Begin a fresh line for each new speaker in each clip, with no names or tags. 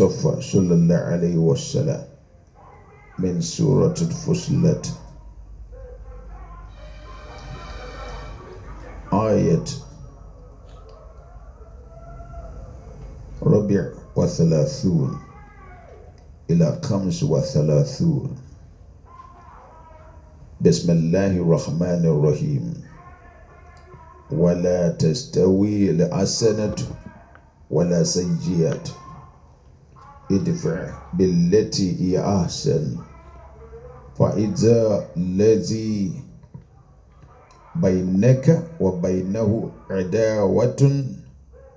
المصطفى صلى الله عليه وسلم من سورة الفصلت آية ربع وثلاثون إلى خمس وثلاثون بسم الله الرحمن الرحيم ولا تستوي لأسنة ولا سيئة ادفع بالتي هي أحسن فإذا الذي بينك وبينه عداوة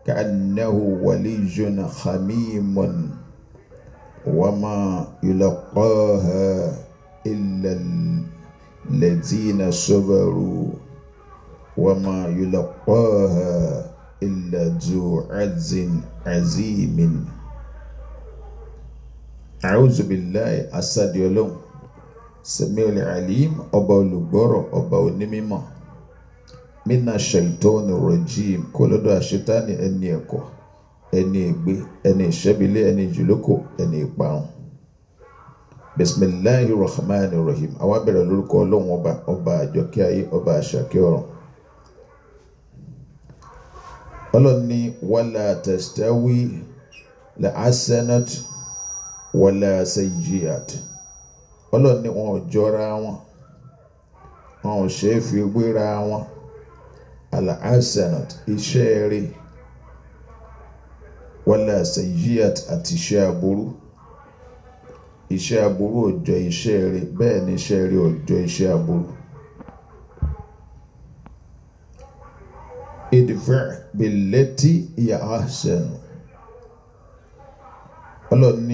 كأنه ولي خميم وما يلقاها إلا الذين صبروا وما يلقاها إلا ذو عز عزيم a'udhu billahi asadi ọlọ́run samiul alim ọba olùgbọ́rọ̀ ọba onímọ̀ mina shaitoni rojim kò lọ́dọ̀ àṣetánì ẹni ẹ̀kọ́ ẹni ègbé ẹni ìṣẹ́bílẹ̀ ẹni ìjùlókò ẹni ìparun bisimilahi rahman rahim àwa bẹ̀rẹ̀ lórúkọ ọlọ́run ọba ọba àjọkẹ́ ayé ọba àṣàkẹ́ ọ̀run ọlọ́ni wàlá tẹ̀sítáwí lẹ́ wala sayyiat ọlọ́run ni wọn ò jọra wọn wọn ò ṣe é fi wéra wọn alhassanat iṣẹ́ rẹ̀ wala sayyiat àti iṣẹ́ aburú iṣẹ́ aburú ò iṣẹ́ rẹ̀ bẹ́ẹ̀ ni iṣẹ́ rẹ̀ ò iṣẹ́ aburú. idfa billati ya ahsan ọlọ́run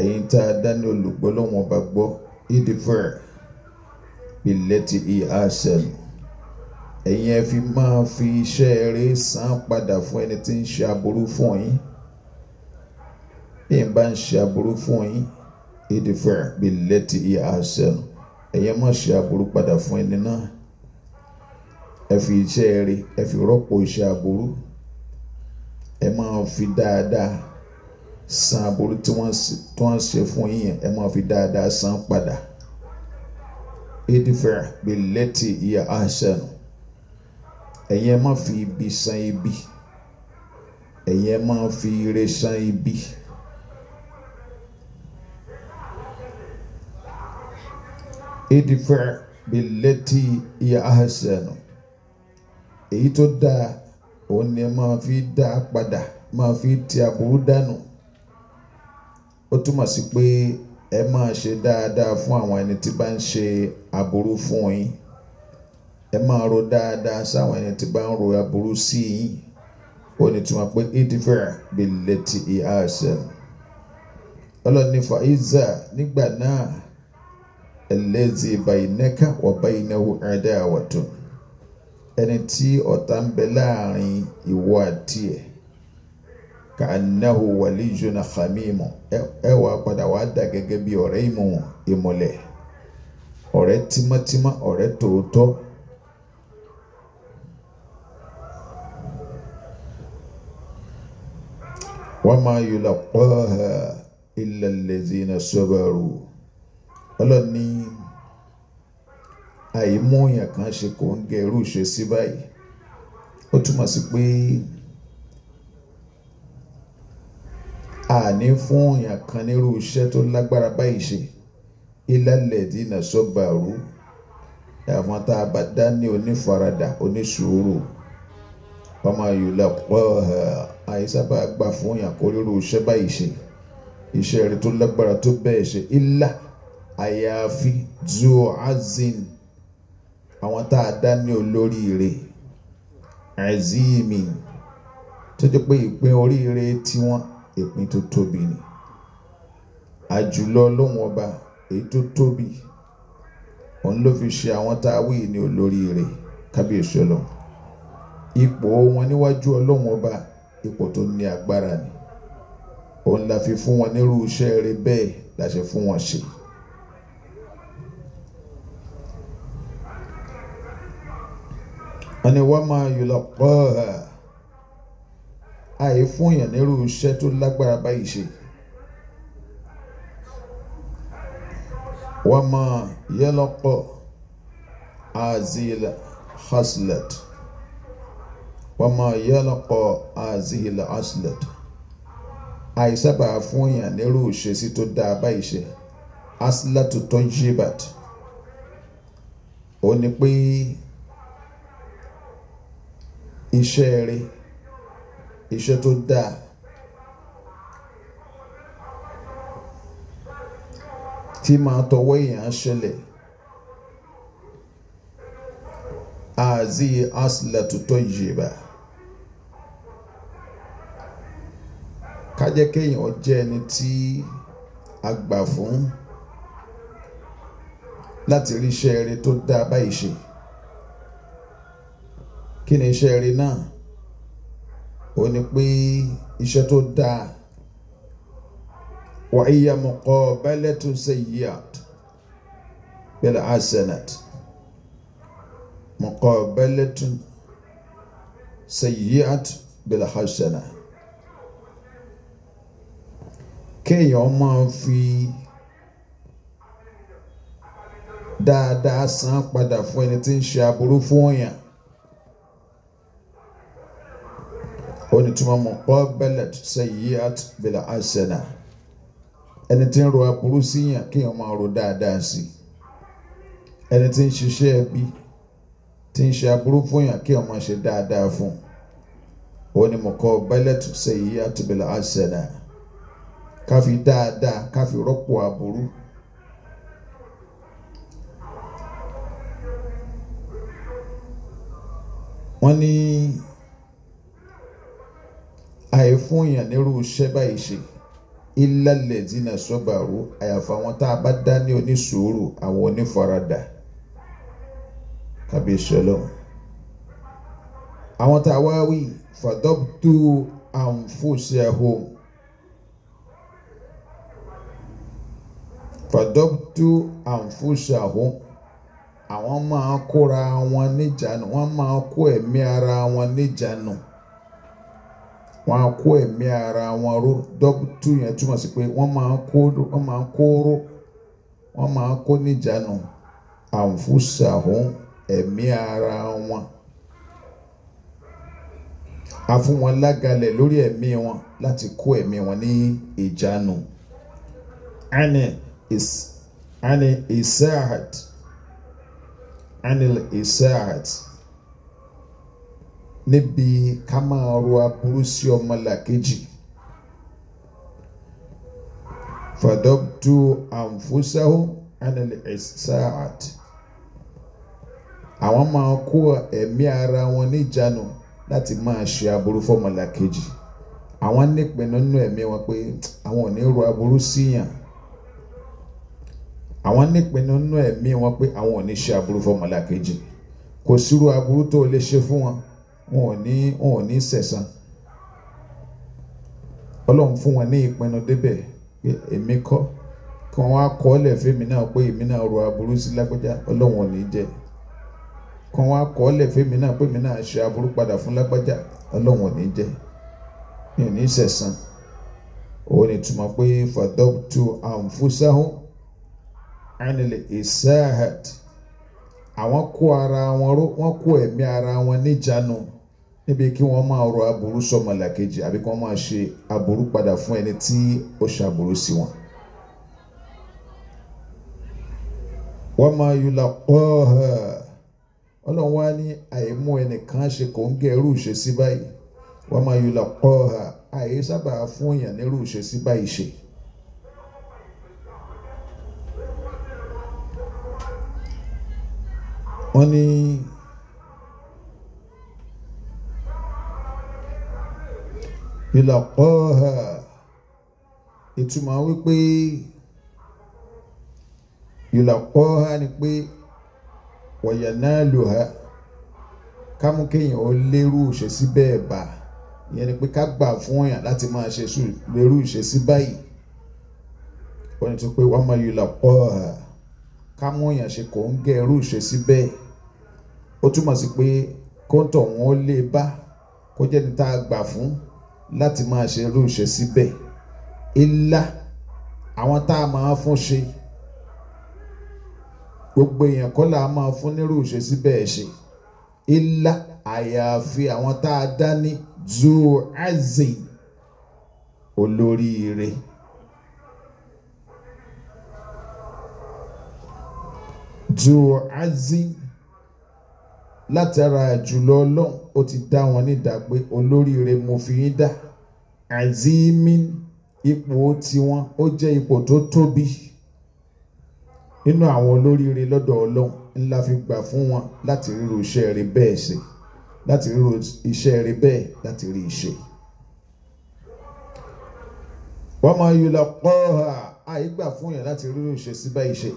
ẹ̀yin tá a dání olùgbọ́ lọ́wọ́n ọba gbọ́ ìdìfẹ́ ilẹ̀ ti ìhà ṣẹlẹ̀ ẹ̀yin ẹ fi máa fi iṣẹ́ eré san padà fún ẹni tí ń ṣe aburú fún yín bí n bá ń ṣe aburú fún yín ìdìfẹ́ ilẹ̀ ti ìhà ẹ̀yin má ṣe aburú padà fún ẹni náà ẹ fi iṣẹ́ eré ẹ fi rọ́pò iṣẹ́ aburú ẹ máa fi dáadáa san aburú tí wọ́n tó ń ṣe fún yín yẹn ẹ máa fi dáadáa san padà edifa bilẹti iya ahsanu ẹ̀yin ẹ má fi ibi san ibi ẹ̀yin ẹ má fi ire san ibi. edifa bilẹti iya ahsanu èyí tó dáa òun ni ẹ máa fi dáa padà máa fi ti aburú dànù. No ó túmọ̀ sí pé ẹ máa ṣe dáadáa fún àwọn ẹni tí bá ń ṣe aburú fún yín ẹ máa ro dáadáa sáwọn ẹni tí bá ń ro aburú sí yín ó ní túmọ̀ pé idifera bileti ihasẹ ọlọ́ni faiza nígbà náà ẹlẹ́zi bayinẹ́ka wà bayinẹ́hu ẹ̀dá ẹni tí ọ̀tá ń bẹ láàrin ìwọ àti ẹ̀ ka anahu waliyuna hamimu ẹ wà padà wà dà gẹ́gẹ́ bí ọ̀rẹ́ ìmọ̀lẹ̀ ọ̀rẹ́ tímọ́tímọ́ ọ̀rẹ́ tòótọ́. wama yulaqqaha illa allazina sabaru ọlọ́ni àìmọ̀ọ́yàn kan ṣe kò ń gẹ irú ìṣesí báyìí ó túmọ̀ sí pé. àní fún èèyàn kan nírú iṣẹ́ tó lágbára báyìí ṣe ilẹ̀lẹ̀ dínà sọ́gbàrú àwọn tá a bá dá ní onífaradà onísùúrù ọmọ yorùbá pọ̀ àìsábà gbà fún èèyàn kó rírú iṣẹ́ báyìí ṣe iṣẹ́ rẹ̀ tó lágbára tó bẹ́ẹ̀ ṣe ilà àyàfi zuo azin àwọn tá a dá ní olóríire azimi tó jẹ́ pé ìpín oríire tiwọn ìpín tó tóbi ni àjùlọ Ọlọ́run ọba èyí tó tóbi òun ló fi ṣe àwọn tá a wí ní olórí rẹ̀ kábíyèsí Ọlọ́run ipò wọn níwájú Ọlọ́run ọba ipò tó ní agbára ni òun la fi fún wọn nírú iṣẹ́ rẹ̀ bẹ́ẹ̀ la ṣe fún wọn ṣe. wọ́n ní wọ́n máa yọ lọ́pọ̀ ọ́ àì fún èèyàn nírú iṣẹ́ tó lágbára báyìí ṣe. wàmà yẹlọpọ azil haslet wàmà yẹlọpọ azil haslet àìsábà fún èèyàn nírú ìṣesí tó dáa báyìí ṣe haslet tó jibat ó ní pé iṣẹ́ rẹ̀ iṣẹ́ tó dáa. tí máa tọwọ́ èèyàn ṣẹlẹ̀ àzí aslatu tayyiba kájẹ́ kéèyàn jẹ́ ẹni tí a gbà fún láti rí iṣẹ́ rere tó dáa báyìí ṣe kí ni iṣẹ́ rere náà ó ní pé iṣẹ́ tó dáa wà iya muqabalatu sayyi'at bil hasanat muqabalatu sayyi'at bil hasanat kéèyàn máa fi dáadáa san padà fún ẹni tí ń ṣe aburú fún èèyàn wɔde tuma mu ɔbɛlɛt sɛ yiat bila asɛna ɛne ti ro aporo si yɛ kéèyàn máa ro dáadáa si ɛne ti hyehyɛ bi ti hyɛ aporo fún yɛ kéèyàn máa hyɛ dáadáa fún wɔde mu ɔbɛlɛt sɛ yiat bila asɛna káfi dáadáa káfi rọ́pò aburú. wọ́n ní àìfún èèyàn nírú iṣẹ́ báyìí ṣe ilẹ̀lẹ̀ dínà sọ́bàrú àyàfà wọn tá a bá dá ní onísùúrù àwọn onífaradà kábíyèsí ọlọ́run àwọn tá a wá wí fàdọ́tù àǹfóṣẹ́hó fàdọ́tù àǹfóṣẹ́hó àwọn máa kóra wọn níjànú wọn máa kó ẹ̀mí ara wọn níjànú. No wọ́n á kó ẹ̀mí ara wọn ró dọ́kítù yẹn túmọ̀ sí pé wọ́n máa ń kó wọ́n máa ń kó ró wọ́n máa ń kó níjànú àǹfùsàhún ẹ̀mí ara wọn a fún wọn lágalẹ̀ lórí ẹ̀mí wọn láti kó ẹ̀mí wọn ní ìjánu ani is ani isahat ani isahat. níbi ká máa ro aburú sí ọmọlàkejì fàdọ́tù ànfúsáwó ànàlẹ́ ẹ̀sáàt àwọn máa kó ẹ̀mí ara wọn níjànú láti máa ṣe aburú fọmọlàkejì àwọn nípinnu nínú ẹ̀mí wọn pé àwọn ò ní ro aburú síyàn àwọn nípinnu nínú ẹ̀mí wọn pé àwọn ò ní ṣe aburú fọmọlàkejì kò sírú aburú tó o lè ṣe fún wọn. wọn ò ní wọn ò ní fún wọn ní ìpinnu débẹ̀ pé èmi kọ́ kí náà pé èmi náà rò aburú sí lágbájá ò ní jẹ́ kí wọ́n á kọ́ ọ́lẹ̀ náà pé èmi náà ṣe aburú padà fún ní ara wọn wọn kó ẹ̀mí ara wọn níjànú. níbi kí wọ́n máa rọ aburú sọmọlàkejì àbí kí wọ́n máa ṣe aburú padà fún ẹni tí ó ṣàbùrú sí wọn. wọ́n máa yùlà pọ́ọ̀hà ọlọ́run wá ní àìmú ẹnìkan ṣe kò ń gẹ́ irú ìṣe sí báyìí wọ́n máa yùlà pọ́ọ̀hà àyè sábà fún èèyàn nírú ìṣe sí báyìí ṣe. wọ́n ní. ìlàkọ́hà ìtumọ̀ wípé ìlàkọ́hà ni pé wọ̀yà náà lò ha kámú kéèyàn ó lérú ìṣesí bẹ́ẹ̀ bá ìyẹn ni pé ká gbà fún èèyàn láti máa ṣe sùn lérú ìṣesí báyìí wọ́n ní tó pé wọ́n máa yọ ìlàkọ́hà kámú èèyàn ṣe kò ń gẹ irú ìṣesí bẹ́ẹ̀ ó túmọ̀ sí pé kóńtọ̀ wọn ó lè bá kó jẹ́ ní tá a gbà fún láti máa ṣe irú ìṣe síbẹ̀ ilá àwọn tá a máa fún ṣe gbogbo èèyàn kọ́ la máa fún nírú ìṣe síbẹ̀ ṣe ilá àyàfi àwọn tá a dá ní zuazi olóríire. zuazi látara jùlọ ọlọ́run ó ti dá wọn nídàá pé olóríire mo fi yín dá azimin ipò tiwọn ó jẹ́ ipò tó tóbi nínú àwọn olóríire lọ́dọ̀ ọlọ́run ńlá fi gbà fún wọn láti ríro iṣẹ́ rere bẹ́ẹ̀ ṣe láti ríro iṣẹ́ rere bẹ́ẹ̀ láti rí iṣẹ́. wọ́n máa yọ lọ́pọ̀ àìgbà fún yàn láti ríro iṣẹ́ sí báyìí ṣe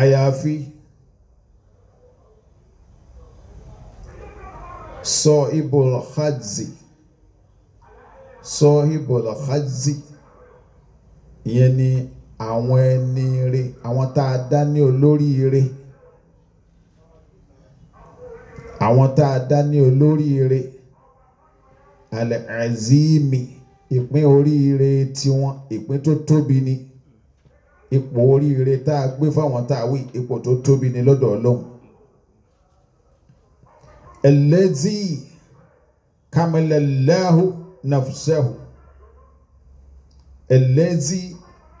àyàfi sọ ibùdó hajj sọ́hìbọ̀l hazi ìyẹn ni àwọn ẹni ire àwọn tá a dá ní olórí ire àwọn tá a dá ní olórí ire alẹ́ azimi ìpín oríire tiwọn ìpín tó tóbi ni ipò oríire tá a gbé fáwọn tá a wí ipò tó tóbi ni lọ́dọ̀ ọlọ́run ẹlẹ́zì kàmẹ́lẹ́láhùn nafsahu ẹlẹ́dì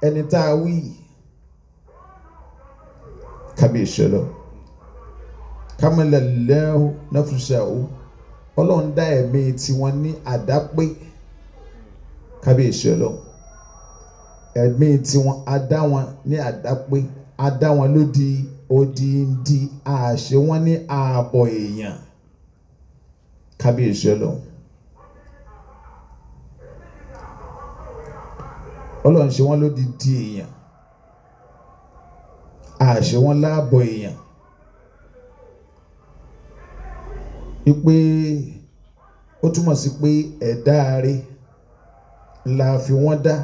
ẹni tá a wí kábíyèsí lọ kámẹ́lẹ́lẹ́hu nafsahu ọlọ́run dá ẹ̀mí tiwọn ní àdápé kábíyèsí lọ ẹ̀mí tiwọn adá wọn ní àdápé adá wọn lódì odindi àṣẹ wọn ní ààbọ̀ èèyàn kábíyèsí lọ. ọlọ́run ṣe wọ́n lódìdí èèyàn àṣẹ wọ́n láàbọ̀ èèyàn wípé ó túmọ̀ sí pé ẹ̀dá rẹ̀ la fi wọ́n dá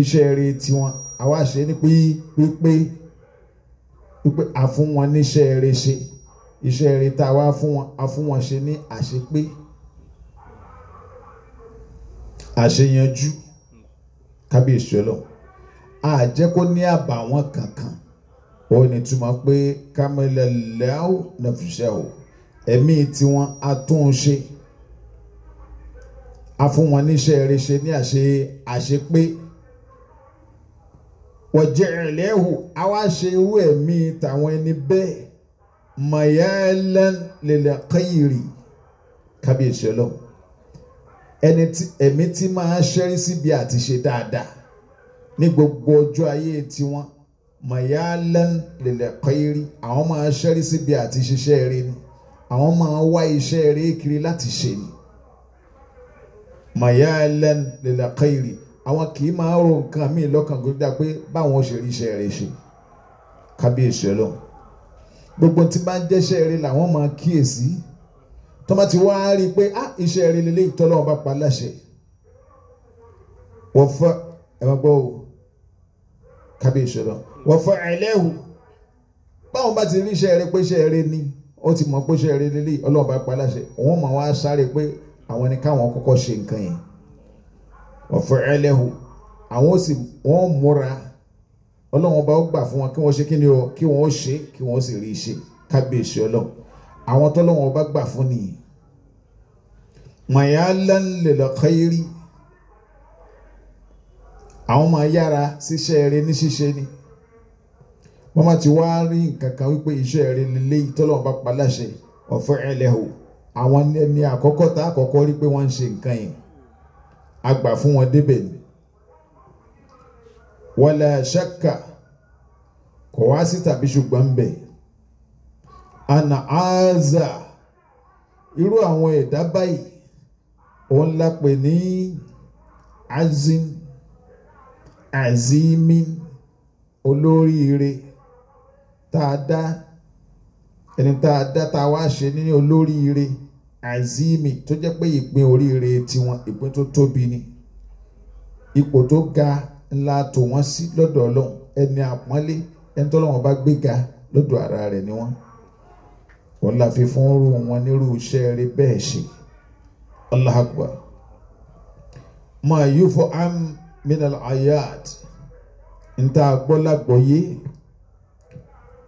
iṣẹ́ rẹ̀ tiwọn àwa ṣe ni pé wípé wípé a fún wọn níṣẹ́ rẹ̀ ṣe iṣẹ́ rẹ̀ tá a wá fún wọn a fún wọn ṣe ní àṣepé àṣeyanjú kábíyèsí ọlọ́run àjẹ́ kó ní àbàwọ́n kankan ó ní túmọ̀ pé kámẹ́lẹ́lẹ́àwò nàfìṣẹ́ o ẹ̀mí tiwọn atúnṣe a fún wọn níṣẹ́ ẹrẹṣẹ ní àṣe àṣepé wọ̀jẹ̀ ẹ̀lẹ́hù a wá ṣe irú ẹ̀mí tàwọn ẹni bẹ́ẹ̀ mọ̀yẹ́lẹ́n lèlẹ́kẹ́yìrì kábíyèsí ọlọ́run ẹni tí ẹ̀mí tí máa ṣẹ́rí síbi àti ṣe dáadáa ní gbogbo ọjọ́ ayé tiwọn mayalan lilẹ̀kọ́yìrì àwọn máa ṣẹ́rí síbi àti ṣiṣẹ́ rẹ ni àwọn máa wá iṣẹ́ rẹ kiri láti ṣe ni mayalan lilẹ̀kọ́yìrì àwọn kì í máa ro nǹkan míì lọ́kàn gbọ́dá pé báwọn ṣe rí iṣẹ́ rẹ ṣe kábíyèsí ọlọ́run gbogbo tí bá ń jẹ́ṣẹ́ rẹ làwọn máa kíyèsí. Si tó bá ti wá rí i pé á ah, iṣẹ́ rẹ lélẹ́ ìtọ́lọ́wọ́n bá pa láṣẹ wọ́n fọ́ ẹ máa gbọ́ o kábíyèsí lọ wọ́n fọ́ ẹlẹ́hu báwọn bá ti rí iṣẹ́ rẹ pé iṣẹ́ rẹ ni ó ti mọ̀ pé iṣẹ́ rẹ lélẹ́ ìtọ́lọ́wọ́n bá pa láṣẹ wọ́n mọ̀ wá sáré pé àwọn ni káwọn kọ́kọ́ ṣe nǹkan yẹn wọ́n fọ́ ẹlẹ́hu àwọn sì wọ́n múra ọlọ́wọ́n bá gbà fún wọn kí wọ́n ṣe kí wọ́n ṣe kí wọ́n sì rí iṣẹ́ kábíyèsí ọlọ́wọ́n àwọn tọ́lọ́wọ́n bá gbà fún nìyí mọ̀yálán lèlọ́kọ́ irí àwọn máa yára ṣiṣẹ́ eré ní ṣíṣe ni wọ́n máa ti wá rí nǹkan kan wípé iṣẹ́ eré lélẹ́ ìtọ́lọ́wọ́n bá pa láṣẹ ọ̀fẹ́ ẹlẹ́hò àwọn ẹni àkọ́kọ́ tá àkọ́kọ́ rí pé wọ́n ń ṣe nǹkan yẹn a gbà fún wọn débẹ̀ ni wala ṣaka kò wá sí tàbí ṣùgbọ́n bẹ̀ ana aza irú àwọn ẹ̀dá báyìí òun la pè ní azim azimi olóríire tá a dá ẹni tá a dá tá a wá ṣe ní olóríire azimi tó jẹ́ pé ìpín oríire tiwọn ìpín tó tóbi ni ipò tó ga ńlá tò wọ́n sí lọ́dọ̀ ọlọ́run ẹni àpọ́nlé ẹni tọ́lọ́run bá gbéga lọ́dọ̀ ara rẹ̀ ni wọ́n òun la fún rú wọn nírú iṣẹ́ rẹ̀ bẹ́ẹ̀ ṣe. الله أكبر. ما yufo من min al ayat nta gbọ́lagbọ́ yé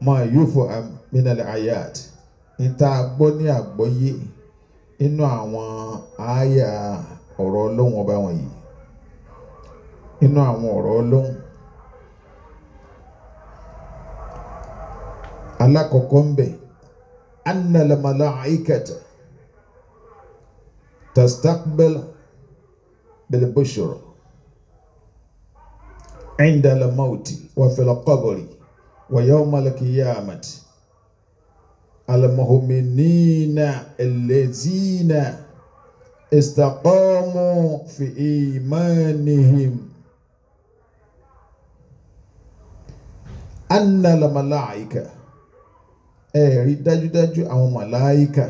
ma yufo am min al ayat nta gbọ́ ní àgbọ́yé inú àwọn àyà ọ̀rọ̀ ọlọ́run ọba wọ̀nyí inú àwọn ọ̀rọ̀ ọlọ́run alákọ̀ọ́kọ́ ń bẹ annal malaikata. تستقبل بالبشر عند الموت وفي القبر ويوم القيامة المؤمنين الذين استقاموا في إيمانهم أن الملائكة ẹ̀rí إيه، dájúdájú àwọn màláìkà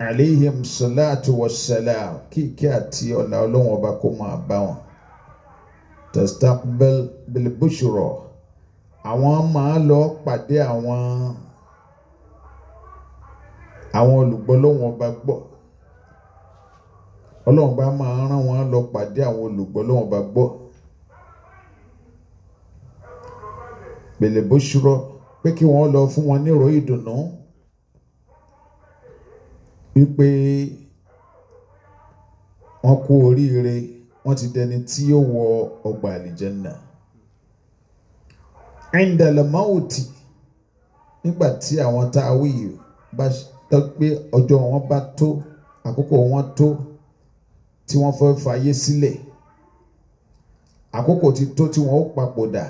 aleihim salatu wa salam kíkí àti ọ̀nà ọlọ́wọ́n ọba kó máa bá wọn. tastaqbal bilbushra àwọn máa lọ pàdé àwọn àwọn olùgbọ́ lọ́wọ́n ọba gbọ́ ọlọ́wọ́n ọba máa rán wọn lọ pàdé àwọn olùgbọ́ lọ́wọ́n ọba gbọ́. bilbushra pé kí wọ́n lọ fún wọn nírò ìdùnnú. No? wípé wọ́n kú oríire wọ́n ti dẹni tí yóò wọ ọgbà àlìjẹ́nà. ẹ̀ńdàlẹ́mọ́ọ̀tì nígbà tí àwọn tá a wí yìí bá tọ́ pé ọjọ́ wọn bá tó àkókò wọn tó tí wọ́n fẹ́ fàyè sílẹ̀ àkókò ti tó tí wọ́n ó papòdà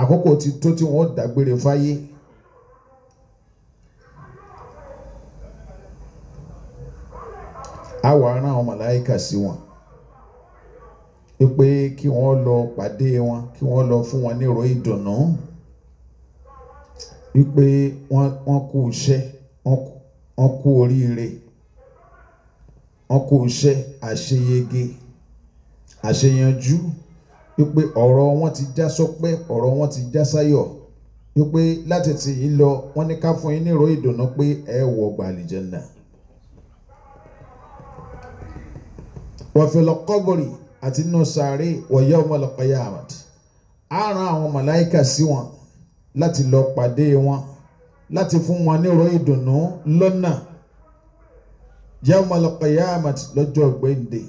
àkókò ti tó tí wọ́n ó dágbére fáyé. á wà rán àwọn màláìkà sí wọn pé kí wọ́n lọ pàdé wọn kí wọ́n lọ fún wọn nírò ìdùnnú wípé wọ́n kú iṣẹ́ wọ́n kú oríire wọ́n kú iṣẹ́ àṣeyege àṣeyanjú wípé ọ̀rọ̀ wọn ti já sọ́pẹ́ ọ̀rọ̀ wọn ti já sáyọ̀ wípé láti tì yín lọ wọ́n ní ká fún yín nírò ìdùnnú pé ẹ wọ gbàlejò náà. wàfẹ̀lọ̀ kọ́bọ̀rì àti nínú sàárè wọ̀yẹ́ ọmọlọ́pàá àmàdì á ran àwọn màláìkà sí wọn láti lọ pàdé wọn láti fún wọn nírò ìdùnnú lọ́nà yẹ́ ọmọlọ́pàá àmàdì lọ́jọ́ gbẹ̀ǹde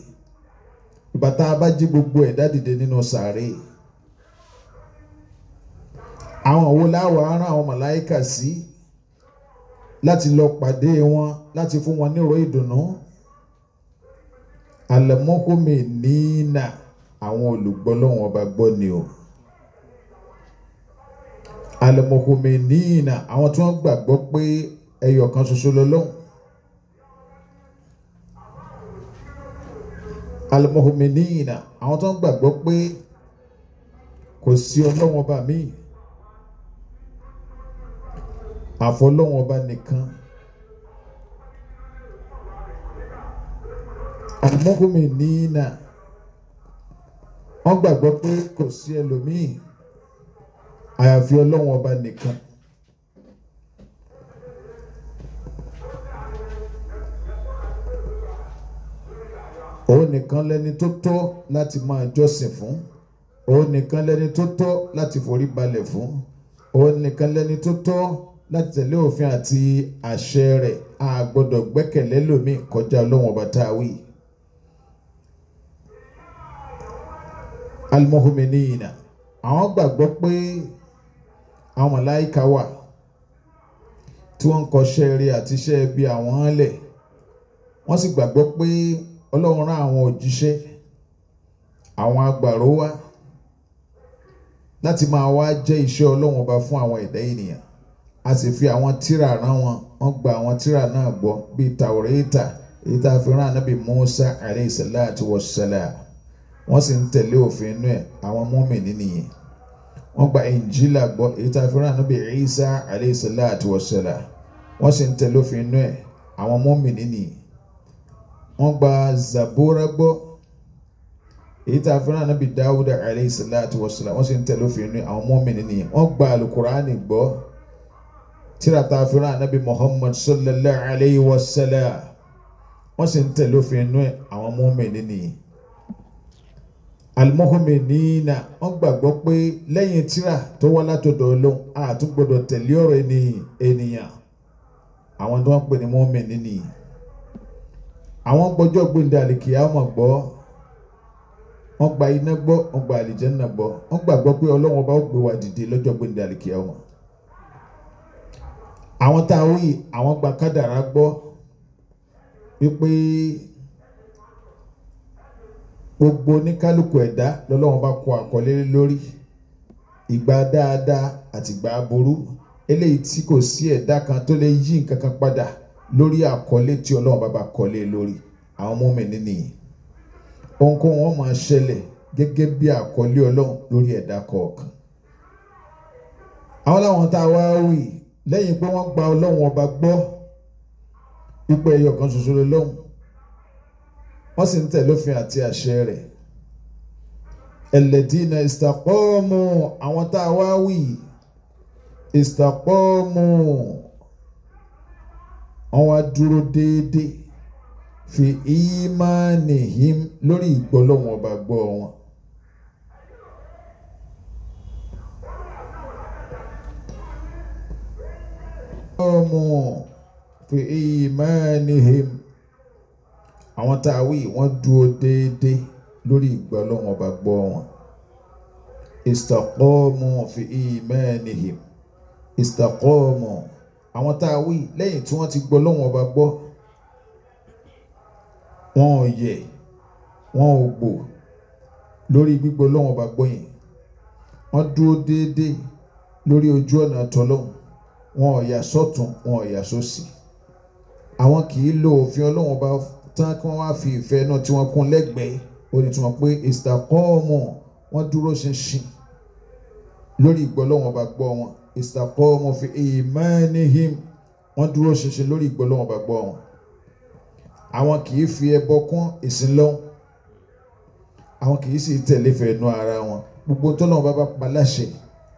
ìbàtà abájí gbogbo ẹ̀dá dìde nínú sàárè àwọn wo láwọ̀ á ran àwọn màláìkà sí láti lọ pàdé wọn láti fún wọn nírò ìdùnnú alẹ́mọ́kùnmí nínà àwọn olùgbọ́ ọba gbọ́ ni o alẹ́mọ́kùnmí nínà àwọn tí wọ́n gbàgbọ́ pé ẹyọ kan ṣoṣo lọ́lọ́hùn alẹ́mọ́kùnmí nínà àwọn tí wọ́n gbàgbọ́ pé kò sí ọlọ́wọ́n ọba míì àfọlọ́wọ́n ọba nìkan. mọ́kùnmínínà wọ́n gbàgbọ́ pé kò sí ẹlòmíì àyàfi ọlọ́run ọba nìkan. òun nìkan lẹni tó tọ́ láti máa jọ́sìn fún òun nìkan lẹni tó tọ́ láti forí balẹ̀ fún òun nìkan lẹni tó tọ́ láti tẹ̀lé òfin àti àṣẹ rẹ̀ a gbọ́dọ̀ lómi kọjá ọlọ́run ọba tá almohomenina àwọn gbàgbọ́ pé àwọn màláìka wà tí wọ́n ń kọṣẹ́ rí àti iṣẹ́ bí àwọn lẹ̀ wọ́n sì gbàgbọ́ pé ọlọ́run rán àwọn òjíṣẹ́ àwọn agbàró wá láti máa wá jẹ́ iṣẹ́ ọlọ́run ọba fún àwọn ẹ̀dá ènìyàn a sì fi àwọn tírà rán wọn wọ́n gba àwọn tírà náà gbọ́ bíi tàwọ̀rẹ́ta èyí tá a fi rán ànábì Musa alayhi salatu wa salam wọ́n sì ń tẹ̀lé òfin inú ẹ̀ àwọn mọ́mìnì nìyẹn wọ́n gba ìnjílà gbọ́ èyí tá a fi ránà bí Ìsá alayhi salatu wassalam wọ́n sì ń tẹ̀lé òfin inú ẹ̀ àwọn mọ́mìnì nìyẹn wọ́n gba zabura gbọ́ èyí tá a fi ránà Dáwúdà alayhi salatu wassalam wọ́n sì ń tẹ̀lé òfin inú ẹ̀ àwọn mọ́mìnì nìyẹn wọ́n gba alukurani gbọ́ tíra tá a fi ránà Muhammad sallallahu alayhi wa sallam wọ́n sì ń tẹ̀lé òfin inú ẹ̀ àwọn mọ́mìnì nìyẹn alimohomenina wọ́n gbàgbọ́ pé lẹ́yìn tírà tó wá látọ̀dọ̀ Ọlọ́run àtún gbọ́dọ̀ tẹ̀lé ọ̀rọ̀ ènìyàn àwọn tó wọ́n pè ní mọmìnì nìyí àwọn gbọ́jọ́ gbòǹde àlìkìyàmọ gbọ́ wọ́n gba iná gbọ́ wọ́n gba àlìjẹnà gbọ́ wọ́n gbàgbọ́ pé Ọlọ́run ọba ó gbé wa dìde lọ́jọ́ gbòǹde àlìkìyàmọ àwọn tá a wí àwọn gba kádàrá gbọ́ wípé gbogbo oníkálukú ẹ̀dá lọ́lọ́run bá kọ àkọlé lórí ìgbà dáadáa àti ìgbà aburú eléyìí tí kò sí ẹ̀dá kan tó lè yí nǹkan kan padà lórí àkọlé tí ọlọ́run bá bá kọlé lórí àwọn mùmínì nìyí ohunkóhun wọn máa ṣẹlẹ̀ gẹ́gẹ́ bí àkọlé ọlọ́run lórí ẹ̀dá kọ̀ọ̀kan àwọn làwọn tá a wá wí lẹ́yìn pé wọ́n gba ọlọ́run ọba gbọ́ ipò ẹ̀yọ̀ kan ṣoṣo lọ́hùn wọ́n sì ń tẹ̀lé òfin àti àṣẹ rẹ̀ ẹlẹ́dínà ìsàpọ̀ọ̀mù àwọn tá a wá wì ìsàpọ̀ọ̀mù àwọn adúró déédéé fi ìmánìhìm lórí ìgbọ́lọ́wọ́n ọba gbọ́ wọn. ọmọ fi ìmánìhìm àwọn tá a wí wọ́n dúró déédéé lórí ìgbà ọlọ́run ọba gbọ́ wọn istaqamu fi imanihim istaqamu àwọn tá a wí lẹ́yìn tí wọ́n ti gbọ́ ọlọ́run ọba gbọ́ wọn ò yẹ̀ wọn ò gbò lórí gbígbọ́ ọlọ́run ọba gbọ́ yẹn wọ́n dúró déédéé lórí ojú ọ̀nà tọ́lọ́hún wọn ò yà sọ́tún wọn ò yà sósì àwọn kì í lo òfin ọlọ́run ọba fún tán kí wọ́n wá fi ìfẹ́ náà tí wọ́n kún lẹ́gbẹ̀ẹ́ ó ní túmọ̀ pé ìsàkọ́ọ̀mù wọ́n dúró ṣinṣin lórí ìgbọ́lọ́wọ́n bá gbọ́ wọn ìsàkọ́ọ̀mù fi ìmánihim wọ́n dúró ṣinṣin lórí ìgbọ́lọ́wọ́n bá gbọ́ wọn àwọn kì í fi ẹbọ kún ìsinlọ́wọ́ àwọn kì í sì tẹ̀lé fẹ̀ẹ́nu ara wọn gbogbo tọ́lọ́wọ́n bá bá pa láṣẹ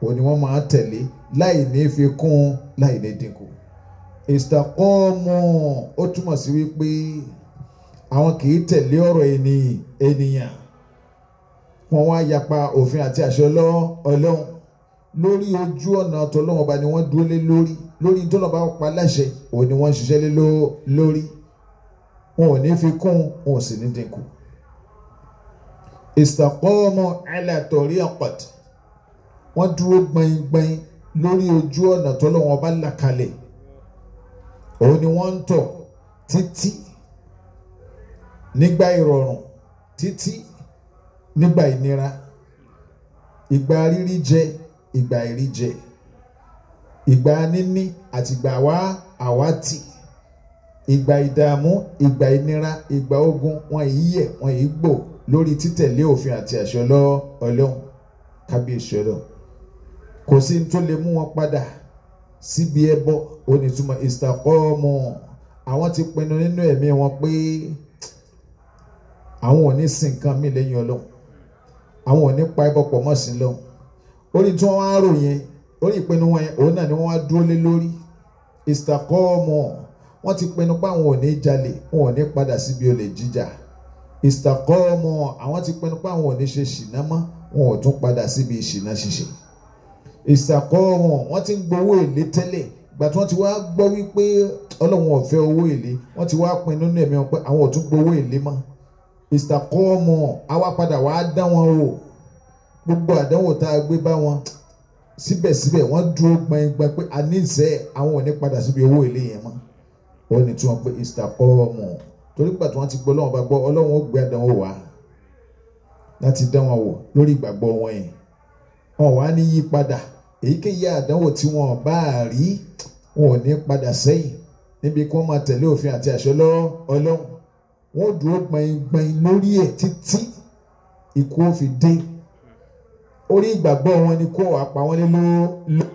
òun ni wọ́n máa tẹ̀lé láì ní fi kún láì ní dínkù ìsàkọ́ọ̀mù ó túmọ̀ sí wípé àwọn kì í tẹ̀lé ọ̀rọ̀ ènìyàn wọ́n wá yapa òfin àti àṣẹ ọlọ́run lórí ojú ọ̀nà tọ́lọ́wọ́n bá ni wọ́n dúró lé lórí lórí tọ́lọ́wọ́n bá pa láṣẹ òun ni wọ́n ń ṣiṣẹ́ lé lórí wọn ò ní fi kún wọn ò sì ní dínkù. istaqamu ala tariqat wọ́n dúró gbẹ̀ngbẹ̀ng lórí ojú ọ̀nà tọ́lọ́wọ́n bá là kalẹ̀ òun ni wọ́n ń tọ̀ títí nígbà ìrọ̀rùn títí nígbà ìnira ìgbà rírí jẹ ìgbà ìrí jẹ ìgbà níní àtìgbà wá àwátì ìgbà ìdààmú ìgbà ìnira ìgbà ogun wọn èyí yẹ wọn èyí gbò lórí títẹ̀lé òfin àti àṣẹ Ọlọ́run kábíyèsí Ọlọ́run kò sí tó lè mú wọn padà síbi ẹbọ onítùmọ̀ ìsìtàkọ́ ọmọ àwọn ti pinnu nínú ẹ̀mí wọn pé. Pe àwọn ò ní sin nǹkan mi lẹ́yìn ọlọ́run àwọn ò ní pa ẹbọ pọ̀ mọ́ sí lọ́hùn orí tí wọ́n wá ń ròyìn orí ìpinnu wọn òun náà ni wọ́n wá dúró lé lórí ìsìtàkọ́ọ̀mù wọ́n ti pinnu pé àwọn ò ní jalè wọn ò ní padà síbi olè jíjà ìsìtàkọ́ọ̀mù àwọn ti pinnu pé àwọn ò ní ṣe ṣìnà mọ́ wọn ò tún padà síbi ìṣìnà ṣíṣe ìsìtàkọ́ọ̀mù wọ́n ti ń gbowó èlé tẹ́lẹ̀ gbà tí wọ́n ti wá gbọ́ wípé ọlọ́run ò owó èlé wọ́n ti wá pinnu nínú ẹ̀mí wọn pé àwọn ò tún gbowó èlé mọ́ Mr. àwa padà wàá dá wọn o gbogbo àdánwò tá a gbé bá wọn síbẹ̀síbẹ̀ wọ́n dúró gbẹ̀ngbẹ̀ pé a ní ìṣe àwọn ò ní padà síbi owó ilé yẹn mọ́ ó ní tí wọ́n pé ìsàkọ́ọ̀mọ̀ torí gbà tí wọ́n ti gbọ́ ọlọ́run bá gbọ́ ọlọ́run ó gbé àdánwò wá láti dá wọn wò lórí ìgbàgbọ́ wọn yẹn wọn wá ní yí padà èyíkéyìí àdánwò tí wọn bá rí wọn ò ní padà sẹ́yìn níbi kí wọ́n máa tẹ̀lé òfin àti àṣẹ lọ́wọ́ ọlọ́run wọ́n dúró gbọ̀ngbọ̀n lórí ẹ̀ títí ikú ó fi dé orí ìgbàgbọ́ wọn ni kó àpá wọn lé lórí.